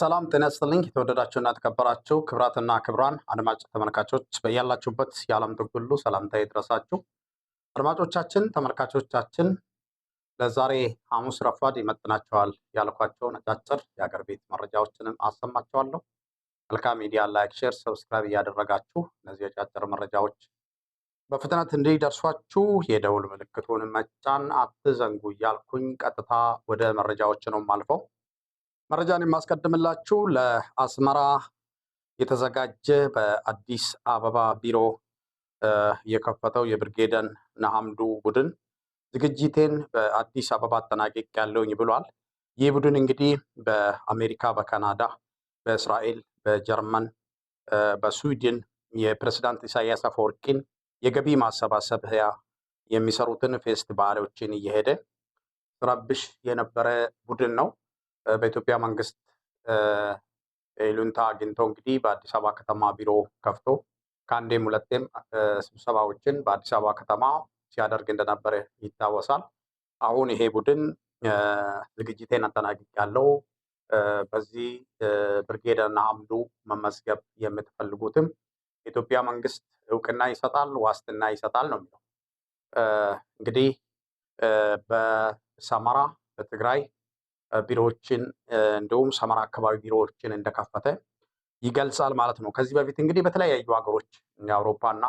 ሰላም ጤና ይስጥልኝ። የተወደዳችሁና የተከበራችሁ ክብራትና ክብራን አድማጭ ተመልካቾች በያላችሁበት የዓለም ጥግ ሁሉ ሰላምታ ይድረሳችሁ። አድማጮቻችን፣ ተመልካቾቻችን ለዛሬ ሐሙስ ረፋድ ይመጥናቸዋል ያልኳቸውን አጫጭር የአገር ቤት መረጃዎችንም አሰማቸዋለሁ። መልካም ሚዲያ ላይክ፣ ሼር፣ ሰብስክራይብ እያደረጋችሁ እነዚህ አጫጭር መረጃዎች በፍጥነት እንዲደርሷችሁ የደውል ምልክቱን መጫን አትዘንጉ እያልኩኝ ቀጥታ ወደ መረጃዎች ነው አልፈው መረጃን የማስቀድምላችሁ ለአስመራ የተዘጋጀ በአዲስ አበባ ቢሮ የከፈተው የብርጌደን ነሐምዱ ቡድን ዝግጅቴን በአዲስ አበባ አጠናቀቅ ያለውኝ ብሏል። ይህ ቡድን እንግዲህ በአሜሪካ፣ በካናዳ፣ በእስራኤል፣ በጀርመን፣ በስዊድን የፕሬዝዳንት ኢሳያስ አፈወርቂን የገቢ ማሰባሰቢያ የሚሰሩትን ፌስቲቫሎችን እየሄደ ረብሽ የነበረ ቡድን ነው። በኢትዮጵያ መንግስት ይሉንታ አግኝቶ እንግዲህ በአዲስ አበባ ከተማ ቢሮ ከፍቶ ከአንዴም ሁለቴም ስብሰባዎችን በአዲስ አበባ ከተማ ሲያደርግ እንደነበረ ይታወሳል። አሁን ይሄ ቡድን ዝግጅቴን አጠናቅቄያለሁ፣ በዚህ ብርጌደና አምዱ መመዝገብ የምትፈልጉትም የኢትዮጵያ መንግስት እውቅና ይሰጣል፣ ዋስትና ይሰጣል ነው የሚለው እንግዲህ በሰመራ በትግራይ ቢሮዎችን እንዲሁም ሰመራ አካባቢ ቢሮዎችን እንደከፈተ ይገልጻል ማለት ነው። ከዚህ በፊት እንግዲህ በተለያዩ ሀገሮች የአውሮፓና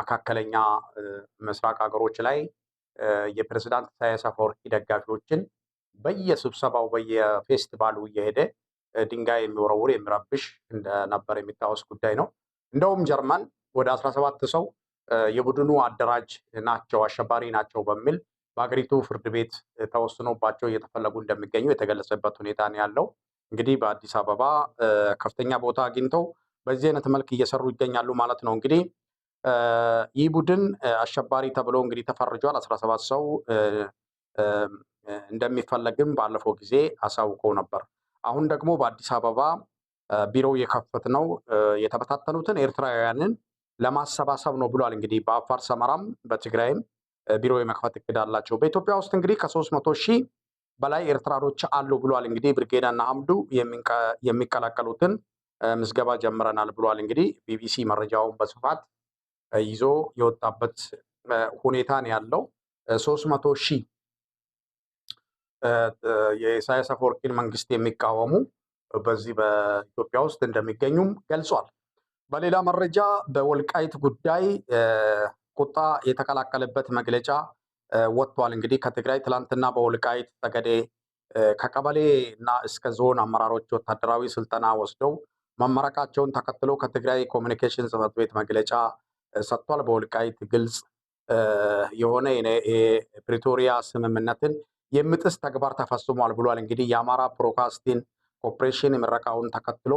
መካከለኛ ምስራቅ ሀገሮች ላይ የፕሬዝዳንት ኢሳያስ አፈወርቂ ደጋፊዎችን በየስብሰባው በየፌስቲቫሉ እየሄደ ድንጋይ የሚወረውር የሚረብሽ እንደነበር የሚታወስ ጉዳይ ነው። እንደውም ጀርመን ወደ አስራ ሰባት ሰው የቡድኑ አደራጅ ናቸው አሸባሪ ናቸው በሚል በሀገሪቱ ፍርድ ቤት ተወስኖባቸው እየተፈለጉ እንደሚገኙ የተገለጸበት ሁኔታ ነው ያለው። እንግዲህ በአዲስ አበባ ከፍተኛ ቦታ አግኝተው በዚህ አይነት መልክ እየሰሩ ይገኛሉ ማለት ነው። እንግዲህ ይህ ቡድን አሸባሪ ተብሎ እንግዲህ ተፈርጇል። አስራ ሰባት ሰው እንደሚፈለግም ባለፈው ጊዜ አሳውቀው ነበር። አሁን ደግሞ በአዲስ አበባ ቢሮው የከፈት ነው የተበታተኑትን ኤርትራውያንን ለማሰባሰብ ነው ብሏል። እንግዲህ በአፋር ሰመራም በትግራይም ቢሮ የመክፈት እቅድ አላቸው። በኢትዮጵያ ውስጥ እንግዲህ ከሶስት መቶ ሺህ በላይ ኤርትራኖች አሉ ብሏል። እንግዲህ ብርጌዳና አምዱ የሚቀላቀሉትን ምዝገባ ጀምረናል ብሏል። እንግዲህ ቢቢሲ መረጃውን በስፋት ይዞ የወጣበት ሁኔታ ነው ያለው። ሶስት መቶ ሺህ የኢሳያስ አፈወርቂን መንግስት የሚቃወሙ በዚህ በኢትዮጵያ ውስጥ እንደሚገኙም ገልጿል። በሌላ መረጃ በወልቃይት ጉዳይ ቁጣ የተቀላቀለበት መግለጫ ወጥቷል። እንግዲህ ከትግራይ ትላንትና በወልቃይት ጠገዴ ከቀበሌ እና እስከ ዞን አመራሮች ወታደራዊ ስልጠና ወስደው መመረቃቸውን ተከትሎ ከትግራይ ኮሚኒኬሽን ጽሕፈት ቤት መግለጫ ሰጥቷል። በወልቃይት ግልጽ የሆነ የፕሪቶሪያ ስምምነትን የምጥስ ተግባር ተፈጽሟል ብሏል። እንግዲህ የአማራ ብሮድካስቲንግ ኮርፖሬሽን ምረቃውን ተከትሎ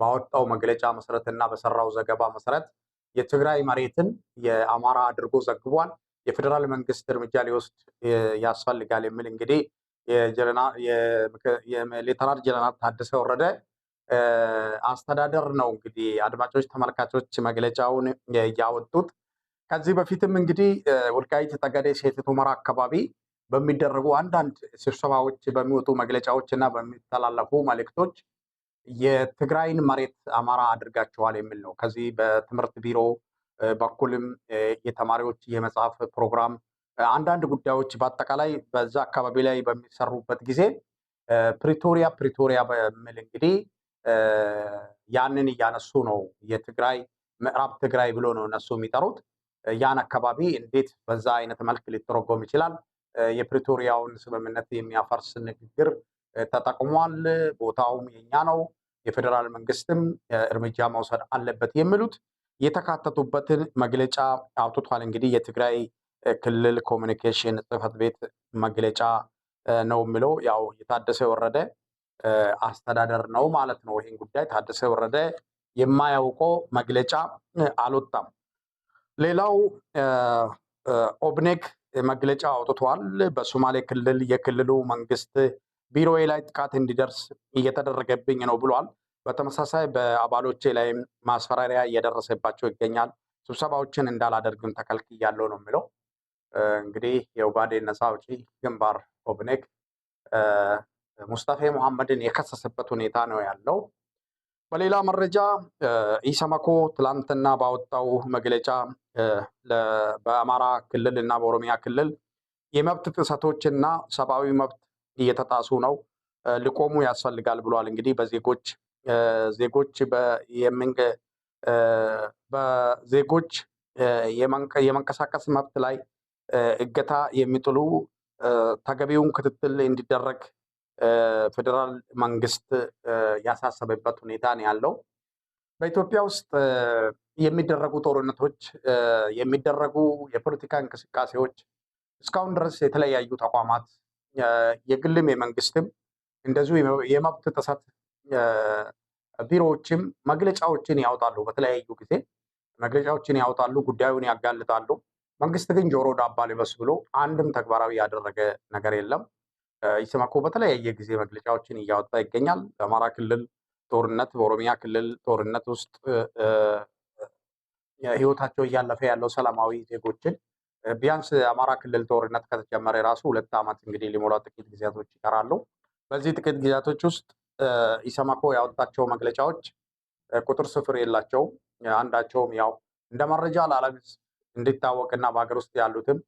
ባወጣው መግለጫ መሰረትና በሰራው ዘገባ መሰረት የትግራይ መሬትን የአማራ አድርጎ ዘግቧል። የፌዴራል መንግስት እርምጃ ሊወስድ ያስፈልጋል የሚል እንግዲህ ሌተናል ጀነራል ታደሰ ወረደ አስተዳደር ነው እንግዲህ አድማጮች፣ ተመልካቾች መግለጫውን ያወጡት። ከዚህ በፊትም እንግዲህ ወልቃይት ጠገዴ፣ ሰቲት ሁመራ አካባቢ በሚደረጉ አንዳንድ ስብሰባዎች በሚወጡ መግለጫዎች እና በሚተላለፉ መልእክቶች የትግራይን መሬት አማራ አድርጋችኋል የሚል ነው። ከዚህ በትምህርት ቢሮ በኩልም የተማሪዎች የመጽሐፍ ፕሮግራም፣ አንዳንድ ጉዳዮች በአጠቃላይ በዛ አካባቢ ላይ በሚሰሩበት ጊዜ ፕሪቶሪያ ፕሪቶሪያ በሚል እንግዲህ ያንን እያነሱ ነው። የትግራይ ምዕራብ ትግራይ ብሎ ነው እነሱ የሚጠሩት። ያን አካባቢ እንዴት በዛ አይነት መልክ ሊተረጎም ይችላል? የፕሪቶሪያውን ስምምነት የሚያፈርስ ንግግር ተጠቅሟል። ቦታውም የኛ ነው የፌዴራል መንግስትም እርምጃ መውሰድ አለበት የሚሉት የተካተቱበትን መግለጫ አውጥቷል። እንግዲህ የትግራይ ክልል ኮሚኒኬሽን ጽህፈት ቤት መግለጫ ነው የሚለው ያው የታደሰ ወረደ አስተዳደር ነው ማለት ነው። ይህን ጉዳይ ታደሰ ወረደ የማያውቀው መግለጫ አልወጣም። ሌላው ኦብኔክ መግለጫ አውጥቷል። በሶማሌ ክልል የክልሉ መንግስት ቢሮዬ ላይ ጥቃት እንዲደርስ እየተደረገብኝ ነው ብሏል። በተመሳሳይ በአባሎቼ ላይም ማስፈራሪያ እየደረሰባቸው ይገኛል። ስብሰባዎችን እንዳላደርግም ተከልክያለሁ ነው የሚለው። እንግዲህ የኦጋዴን ነፃ አውጪ ግንባር ኦብኔግ ሙስጠፌ መሐመድን የከሰሰበት ሁኔታ ነው ያለው። በሌላ መረጃ ኢሰመኮ ትላንትና ባወጣው መግለጫ በአማራ ክልል እና በኦሮሚያ ክልል የመብት ጥሰቶች እና ሰብአዊ መብት እየተጣሱ ነው፣ ሊቆሙ ያስፈልጋል ብሏል። እንግዲህ በዜጎች ዜጎች በዜጎች የመንቀሳቀስ መብት ላይ እገታ የሚጥሉ ተገቢውን ክትትል እንዲደረግ ፌዴራል መንግስት ያሳሰበበት ሁኔታ ነው ያለው። በኢትዮጵያ ውስጥ የሚደረጉ ጦርነቶች፣ የሚደረጉ የፖለቲካ እንቅስቃሴዎች እስካሁን ድረስ የተለያዩ ተቋማት የግልም የመንግስትም እንደዚሁ የመብት ጥሰት ቢሮዎችም መግለጫዎችን ያወጣሉ። በተለያዩ ጊዜ መግለጫዎችን ያወጣሉ፣ ጉዳዩን ያጋልጣሉ። መንግስት ግን ጆሮ ዳባ ልበስ ብሎ አንድም ተግባራዊ ያደረገ ነገር የለም። ኢሰመኮ በተለያየ ጊዜ መግለጫዎችን እያወጣ ይገኛል። በአማራ ክልል ጦርነት፣ በኦሮሚያ ክልል ጦርነት ውስጥ ህይወታቸው እያለፈ ያለው ሰላማዊ ዜጎችን ቢያንስ አማራ ክልል ጦርነት ከተጀመረ የራሱ ሁለት ዓመት እንግዲህ ሊሞላ ጥቂት ጊዜያቶች ይቀራሉ። በዚህ ጥቂት ጊዜያቶች ውስጥ ኢሰመኮ ያወጣቸው መግለጫዎች ቁጥር ስፍር የላቸውም። አንዳቸውም ያው እንደ መረጃ ለዓለም እንዲታወቅና በሀገር ውስጥ ያሉትም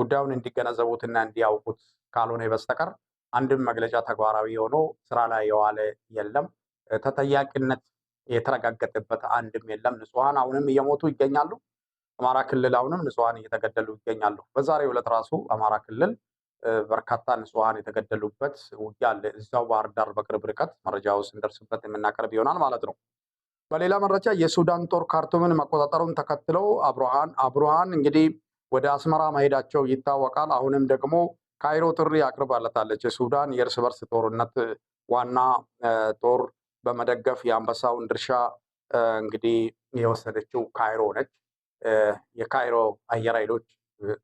ጉዳዩን እንዲገነዘቡትና እንዲያውቁት ካልሆነ በስተቀር አንድም መግለጫ ተግባራዊ የሆኖ ስራ ላይ የዋለ የለም። ተጠያቂነት የተረጋገጠበት አንድም የለም። ንጹሐን አሁንም እየሞቱ ይገኛሉ። አማራ ክልል አሁንም ንጹሐን እየተገደሉ ይገኛሉ። በዛሬው ዕለት ራሱ አማራ ክልል በርካታ ንጹሐን የተገደሉበት ውጊያ አለ። እዛው ባህር ዳር በቅርብ ርቀት መረጃው ስንደርስበት የምናቀርብ ይሆናል ማለት ነው። በሌላ መረጃ የሱዳን ጦር ካርቱምን መቆጣጠሩን ተከትለው አብሩሃን እንግዲህ ወደ አስመራ መሄዳቸው ይታወቃል። አሁንም ደግሞ ካይሮ ጥሪ አቅርባለታለች። የሱዳን የእርስ በርስ ጦርነት ዋና ጦር በመደገፍ የአንበሳውን ድርሻ እንግዲህ የወሰደችው ካይሮ ነች። የካይሮ አየር ኃይሎች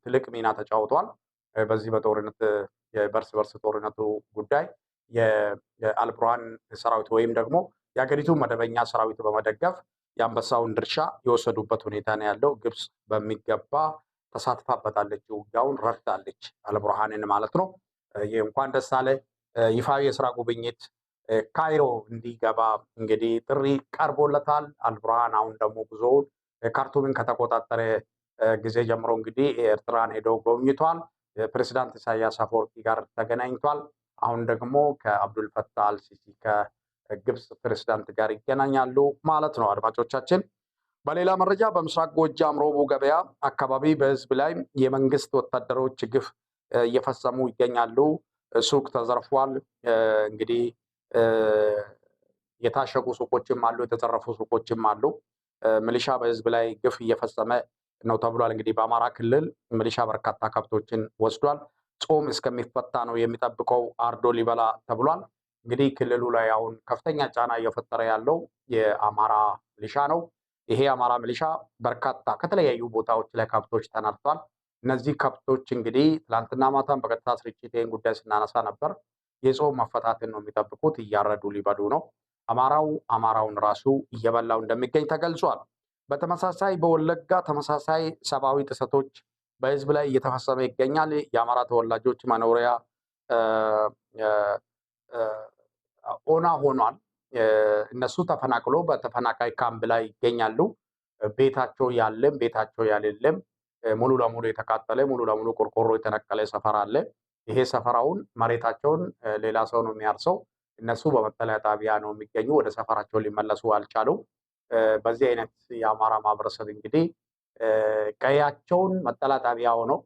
ትልቅ ሚና ተጫውቷል። በዚህ በጦርነት የበርስ በርስ ጦርነቱ ጉዳይ የአልቡርሃን ሰራዊት ወይም ደግሞ የሀገሪቱ መደበኛ ሰራዊት በመደገፍ የአንበሳውን ድርሻ የወሰዱበት ሁኔታ ነው ያለው። ግብፅ በሚገባ ተሳትፋበታለች፣ ውጊያውን ረድታለች፣ አልቡርሃንን ማለት ነው። ይህ እንኳን ደስ አለ ይፋዊ የስራ ጉብኝት ካይሮ እንዲገባ እንግዲህ ጥሪ ቀርቦለታል። አልቡርሃን አሁን ደግሞ ጉዞውን ካርቱምን ከተቆጣጠረ ጊዜ ጀምሮ እንግዲህ ኤርትራን ሄዶ ጎብኝቷል። ፕሬዚዳንት ኢሳያስ አፈወርቂ ጋር ተገናኝቷል። አሁን ደግሞ ከአብዱልፈታ አልሲሲ ከግብፅ ፕሬዚዳንት ጋር ይገናኛሉ ማለት ነው። አድማጮቻችን፣ በሌላ መረጃ በምስራቅ ጎጃም ሮቡ ገበያ አካባቢ በህዝብ ላይ የመንግስት ወታደሮች ግፍ እየፈጸሙ ይገኛሉ። ሱቅ ተዘርፏል። እንግዲህ የታሸጉ ሱቆችም አሉ፣ የተዘረፉ ሱቆችም አሉ። ሚሊሻ በህዝብ ላይ ግፍ እየፈጸመ ነው ተብሏል። እንግዲህ በአማራ ክልል ሚሊሻ በርካታ ከብቶችን ወስዷል። ጾም እስከሚፈታ ነው የሚጠብቀው አርዶ ሊበላ ተብሏል። እንግዲህ ክልሉ ላይ አሁን ከፍተኛ ጫና እየፈጠረ ያለው የአማራ ሚሊሻ ነው። ይሄ የአማራ ሚሊሻ በርካታ ከተለያዩ ቦታዎች ላይ ከብቶች ተናድቷል። እነዚህ ከብቶች እንግዲህ ትላንትና ማታም በቀጥታ ስርጭት ይህን ጉዳይ ስናነሳ ነበር። የጾም መፈታትን ነው የሚጠብቁት፣ እያረዱ ሊበሉ ነው። አማራው አማራውን ራሱ እየበላው እንደሚገኝ ተገልጿል። በተመሳሳይ በወለጋ ተመሳሳይ ሰብአዊ ጥሰቶች በህዝብ ላይ እየተፈጸመ ይገኛል። የአማራ ተወላጆች መኖሪያ ኦና ሆኗል። እነሱ ተፈናቅሎ በተፈናቃይ ካምፕ ላይ ይገኛሉ። ቤታቸው ያለም ቤታቸው ያሌለም ሙሉ ለሙሉ የተቃጠለ ሙሉ ለሙሉ ቆርቆሮ የተነቀለ ሰፈር አለ። ይሄ ሰፈራውን መሬታቸውን ሌላ ሰው ነው የሚያርሰው። እነሱ በመጠለያ ጣቢያ ነው የሚገኙ። ወደ ሰፈራቸው ሊመለሱ አልቻሉም። በዚህ አይነት የአማራ ማህበረሰብ እንግዲህ ቀያቸውን መጠለያ ጣቢያ ሆነው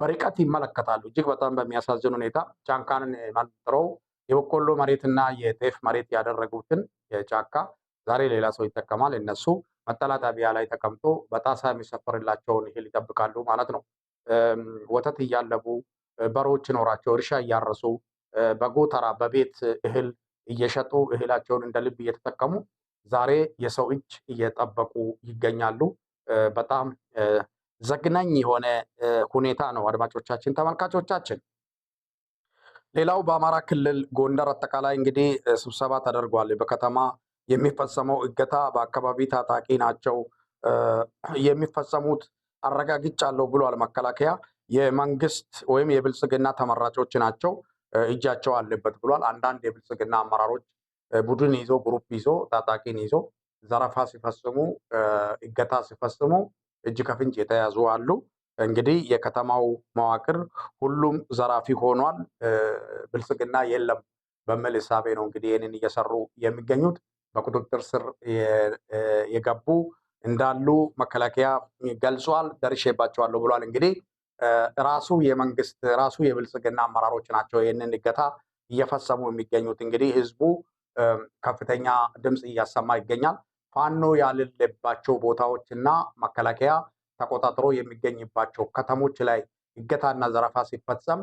በርቀት ይመለከታሉ። እጅግ በጣም በሚያሳዝን ሁኔታ ጫንካንን መንጥረው የበቆሎ መሬትና የጤፍ መሬት ያደረጉትን የጫካ ዛሬ ሌላ ሰው ይጠቀማል። እነሱ መጠለያ ጣቢያ ላይ ተቀምጦ በጣሳ የሚሰፈርላቸውን እህል ይጠብቃሉ ማለት ነው። ወተት እያለቡ በሮች ኖራቸው እርሻ እያረሱ በጎተራ በቤት እህል እየሸጡ እህላቸውን እንደ ልብ እየተጠቀሙ ዛሬ የሰው እጅ እየጠበቁ ይገኛሉ። በጣም ዘግናኝ የሆነ ሁኔታ ነው። አድማጮቻችን፣ ተመልካቾቻችን ሌላው በአማራ ክልል ጎንደር አጠቃላይ እንግዲህ ስብሰባ ተደርጓል። በከተማ የሚፈጸመው እገታ በአካባቢ ታጣቂ ናቸው የሚፈጸሙት አረጋግጫለሁ ብሏል መከላከያ። የመንግስት ወይም የብልጽግና ተመራጮች ናቸው እጃቸው አለበት ብሏል። አንዳንድ የብልጽግና አመራሮች ቡድን ይዞ ግሩፕ ይዞ ታጣቂን ይዞ ዘረፋ ሲፈጽሙ፣ እገታ ሲፈጽሙ እጅ ከፍንጭ የተያዙ አሉ። እንግዲህ የከተማው መዋቅር ሁሉም ዘራፊ ሆኗል፣ ብልጽግና የለም በሚል እሳቤ ነው እንግዲህ ይህንን እየሰሩ የሚገኙት። በቁጥጥር ስር የገቡ እንዳሉ መከላከያ ገልጿል። ደርሼባቸዋለሁ ብሏል እንግዲህ ራሱ የመንግስት ራሱ የብልጽግና አመራሮች ናቸው ይህንን እገታ እየፈሰሙ የሚገኙት። እንግዲህ ህዝቡ ከፍተኛ ድምፅ እያሰማ ይገኛል። ፋኖ ያልልባቸው ቦታዎች እና መከላከያ ተቆጣጥሮ የሚገኝባቸው ከተሞች ላይ እገታና ዘረፋ ሲፈጸም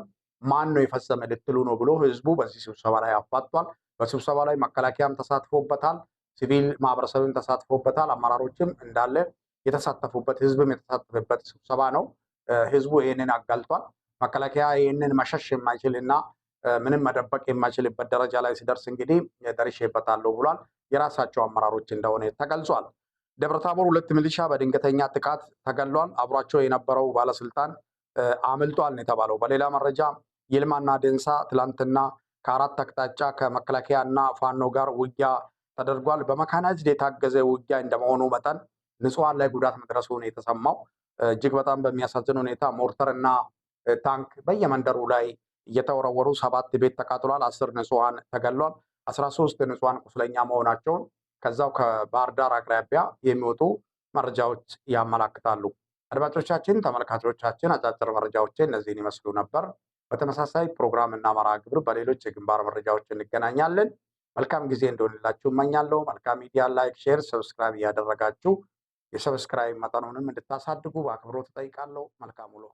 ማን ነው የፈጸመ ልትሉ ነው ብሎ ህዝቡ በዚህ ስብሰባ ላይ አፋጧል። በስብሰባ ላይ መከላከያም ተሳትፎበታል፣ ሲቪል ማህበረሰብም ተሳትፎበታል፣ አመራሮችም እንዳለ የተሳተፉበት ህዝብም የተሳተፈበት ስብሰባ ነው። ህዝቡ ይህንን አጋልጧል። መከላከያ ይህንን መሸሽ የማይችል እና ምንም መደበቅ የማይችልበት ደረጃ ላይ ሲደርስ እንግዲህ ደርሼበታለሁ ብሏል። የራሳቸው አመራሮች እንደሆነ ተገልጿል። ደብረታቦር ሁለት ሚሊሻ በድንገተኛ ጥቃት ተገሏል። አብሯቸው የነበረው ባለስልጣን አምልጧል ነው የተባለው። በሌላ መረጃ ይልማና ደንሳ ትላንትና ከአራት አቅጣጫ ከመከላከያ እና ፋኖ ጋር ውጊያ ተደርጓል። በመካናይዝድ የታገዘ ውጊያ እንደመሆኑ መጠን ንጹሐን ላይ ጉዳት መድረሱ ነው የተሰማው። እጅግ በጣም በሚያሳዝን ሁኔታ ሞርተር እና ታንክ በየመንደሩ ላይ እየተወረወሩ ሰባት ቤት ተቃጥሏል። አስር ንጹሐን ተገሏል። አስራ ሶስት ንጹሐን ቁስለኛ መሆናቸውን ከዛው ከባህር ዳር አቅራቢያ የሚወጡ መረጃዎች ያመላክታሉ። አድማጮቻችን፣ ተመልካቾቻችን አጫጭር መረጃዎች እነዚህን ይመስሉ ነበር። በተመሳሳይ ፕሮግራም እና መርሃ ግብር በሌሎች የግንባር መረጃዎች እንገናኛለን። መልካም ጊዜ እንደሆንላችሁ እመኛለሁ። መልካም ሚዲያ ላይክ፣ ሼር፣ ሰብስክራይብ እያደረጋችሁ የሰብስክራይብ መጠኑንም እንድታሳድጉ በአክብሮት እጠይቃለሁ። መልካም ውሎ